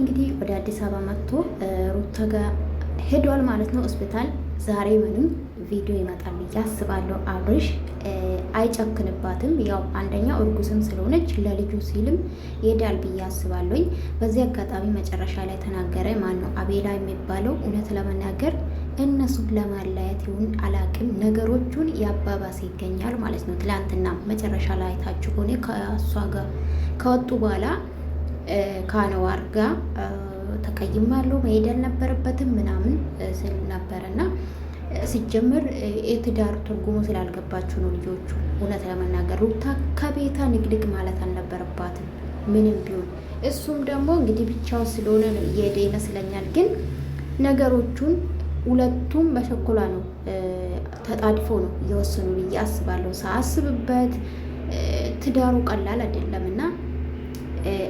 እንግዲህ ወደ አዲስ አበባ መጥቶ ሩታ ጋር ሄዷል ማለት ነው ሆስፒታል። ዛሬ ምንም ቪዲዮ ይመጣል ብዬ አስባለሁ። አብርሽ አይጨክንባትም። ያው አንደኛ እርጉዝም ስለሆነች ለልጁ ሲልም ይሄዳል ብዬ አስባለሁኝ። በዚህ አጋጣሚ መጨረሻ ላይ ተናገረ ማን ነው አቤላ የሚባለው። እውነት ለመናገር እነሱን ለማለያየት ይሁን አላቅም፣ ነገሮቹን ያባባሰ ይገኛል ማለት ነው። ትላንትና መጨረሻ ላይ አይታችሁ ሆኔ ከእሷ ጋር ከወጡ በኋላ ከአንዋር ጋር ተቀይማለሁ መሄድ አልነበረበትም ምናምን ስል ነበር እና ሲጀምር የትዳር ትርጉሙ ስላልገባችሁ ነው ልጆቹ። እውነት ለመናገር ሩታ ከቤታ ንግድግ ማለት አልነበረባትም ምንም ቢሆን። እሱም ደግሞ እንግዲህ ብቻው ስለሆነ ነው እየሄደ ይመስለኛል። ግን ነገሮቹን ሁለቱም በሸኮላ ነው ተጣድፎ ነው እየወሰኑ ብዬ አስባለሁ። ሳስብበት ትዳሩ ቀላል አይደለም።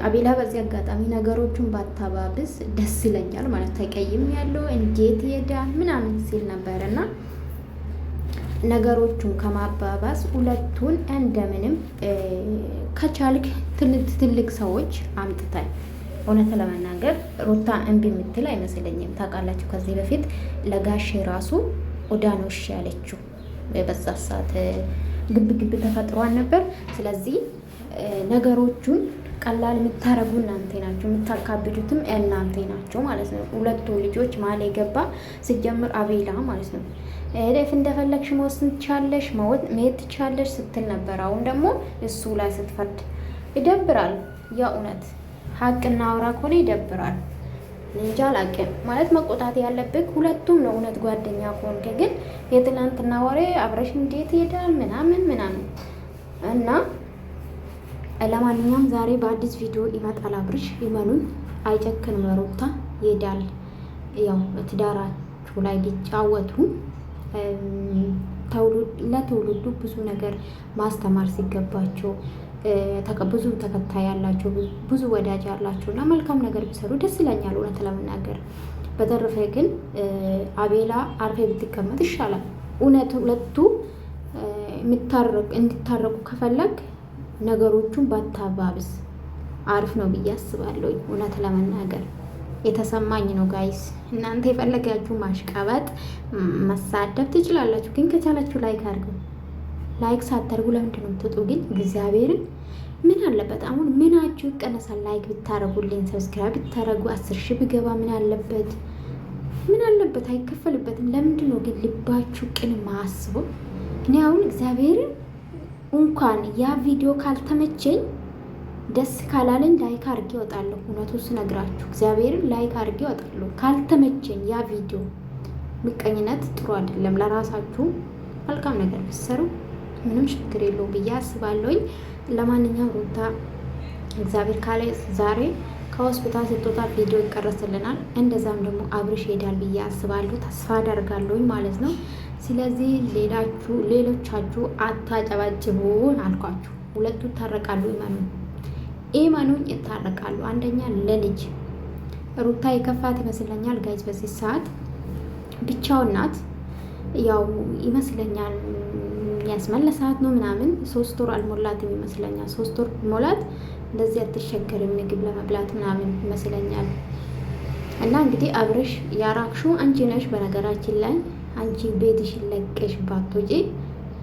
አቤላ በዚህ አጋጣሚ ነገሮቹን ባታባብስ ደስ ይለኛል ማለት ተቀይም ያለው እንዴት ይሄዳል ምናምን ሲል ነበር እና ነገሮቹን ከማባባስ ሁለቱን እንደምንም ከቻልክ ትልቅ ሰዎች አምጥታል እውነት ለመናገር ሩታ እምቢ የምትል አይመስለኝም። ታውቃላችሁ ከዚህ በፊት ለጋሽ ራሱ ኦዳኖሽ ያለችው በዛ ሰዓት ግብ ግብ ተፈጥሯን ነበር። ስለዚህ ነገሮቹን ቀላል የምታረጉ እናንተ ናቸው፣ የምታካብዱትም እናንተ ናቸው ማለት ነው። ሁለቱ ልጆች መሀል የገባ ስጀምር አቤላ ማለት ነው። ሄደፍ እንደፈለግሽ መወስን ትቻለሽ፣ መሄድ ትቻለሽ ስትል ነበር። አሁን ደግሞ እሱ ላይ ስትፈርድ ይደብራል። የእውነት ሀቅና አውራ ከሆነ ይደብራል። እንጃ አላቅም ማለት መቆጣት ያለብህ ሁለቱም ነው። እውነት ጓደኛ ከሆንክ ግን የትናንትና ወሬ አብረሽ እንዴት ይሄዳል ምናምን ምናምን እና ለማንኛውም ዛሬ በአዲስ ቪዲዮ ይመጣል አብርሽ። ይመኑን አይጨክን ሩታ ይሄዳል። ያው ትዳራችሁ ላይ ቢጫወቱ ለትውልዱ ብዙ ነገር ማስተማር ሲገባቸው ብዙ ተከታይ ያላቸው ብዙ ወዳጅ ያላቸው ለመልካም ነገር ቢሰሩ ደስ ይለኛል፣ እውነት ለመናገር በተረፈ ግን አቤላ አርፌ ብትቀመጥ ይሻላል። እውነት ሁለቱ እንዲታረቁ ከፈለግ ነገሮቹን ባታባብስ አሪፍ ነው ብዬ አስባለሁ። እውነት ለመናገር የተሰማኝ ነው። ጋይስ እናንተ የፈለጋችሁ ማሽቀበጥ፣ መሳደብ ትችላላችሁ፣ ግን ከቻላችሁ ላይክ አድርጉ። ላይክ ሳታደርጉ ለምንድን ነው ትጡ? ግን እግዚአብሔርን ምን አለበት አሁን ምናችሁ ይቀነሳል? ላይክ ብታረጉልኝ፣ ሰብስክራይብ ብታረጉ፣ አስር ሺህ ብገባ ምን አለበት? ምን አለበት? አይከፈልበትም። ለምንድን ነው ግን ልባችሁ ቅን ማስቡ? እኔ አሁን እግዚአብሔርን እንኳን ያ ቪዲዮ ካልተመቸኝ ደስ ካላለኝ ላይክ አድርጌ እወጣለሁ። እውነቱ ስነግራችሁ እግዚአብሔርን ላይክ አድርጌ እወጣለሁ ካልተመቸኝ ያ ቪዲዮ። ምቀኝነት ጥሩ አይደለም። ለራሳችሁ መልካም ነገር ብትሰሩ ምንም ችግር የለው ብዬ አስባለሁኝ። ለማንኛውም ሩታ እግዚአብሔር ካለ ዛሬ ከሆስፒታል ስትወጣ ቪዲዮ ይቀረስልናል። እንደዛም ደግሞ አብርሽ ሄዳል ብዬ አስባለሁ፣ ተስፋ አደርጋለሁኝ ማለት ነው። ስለዚህ ሌላችሁ ሌሎቻችሁ አታጨባጭቡን አልኳችሁ። ሁለቱ ይታረቃሉ፣ ይመኑ ኢመኑኝ፣ ይታረቃሉ። አንደኛ ለልጅ ሩታ የከፋት ይመስለኛል ጋይዝ፣ በዚህ ሰዓት ብቻውን ናት። ያው ይመስለኛል ያስመለሳት ነው ምናምን። ሶስት ወር አልሞላትም ይመስለኛል፣ ሶስት ወር ሞላት እንደዚህ አትቸገርም ምግብ ለመብላት ምናምን ይመስለኛል። እና እንግዲህ አብረሽ ያራክሹ አንቺ ነሽ። በነገራችን ላይ አንቺ ቤትሽ ለቀሽ ባትወጪ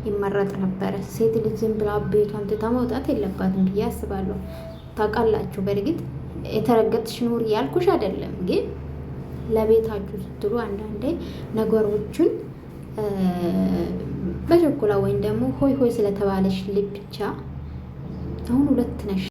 ይመረጥ ነበረ። ሴት ልጅ ዝም ብላ ቤቷን ትታ መውጣት የለባትም ብዬ አስባለሁ። ታውቃላችሁ፣ በእርግጥ የተረገጥሽ ኑር ያልኩሽ አይደለም፣ ግን ለቤታችሁ ስትሉ አንዳንዴ ነገሮችን በሸኩላ ወይም ደግሞ ሆይ ሆይ ስለተባለሽ ልብቻ አሁን ሁለት ነሽ።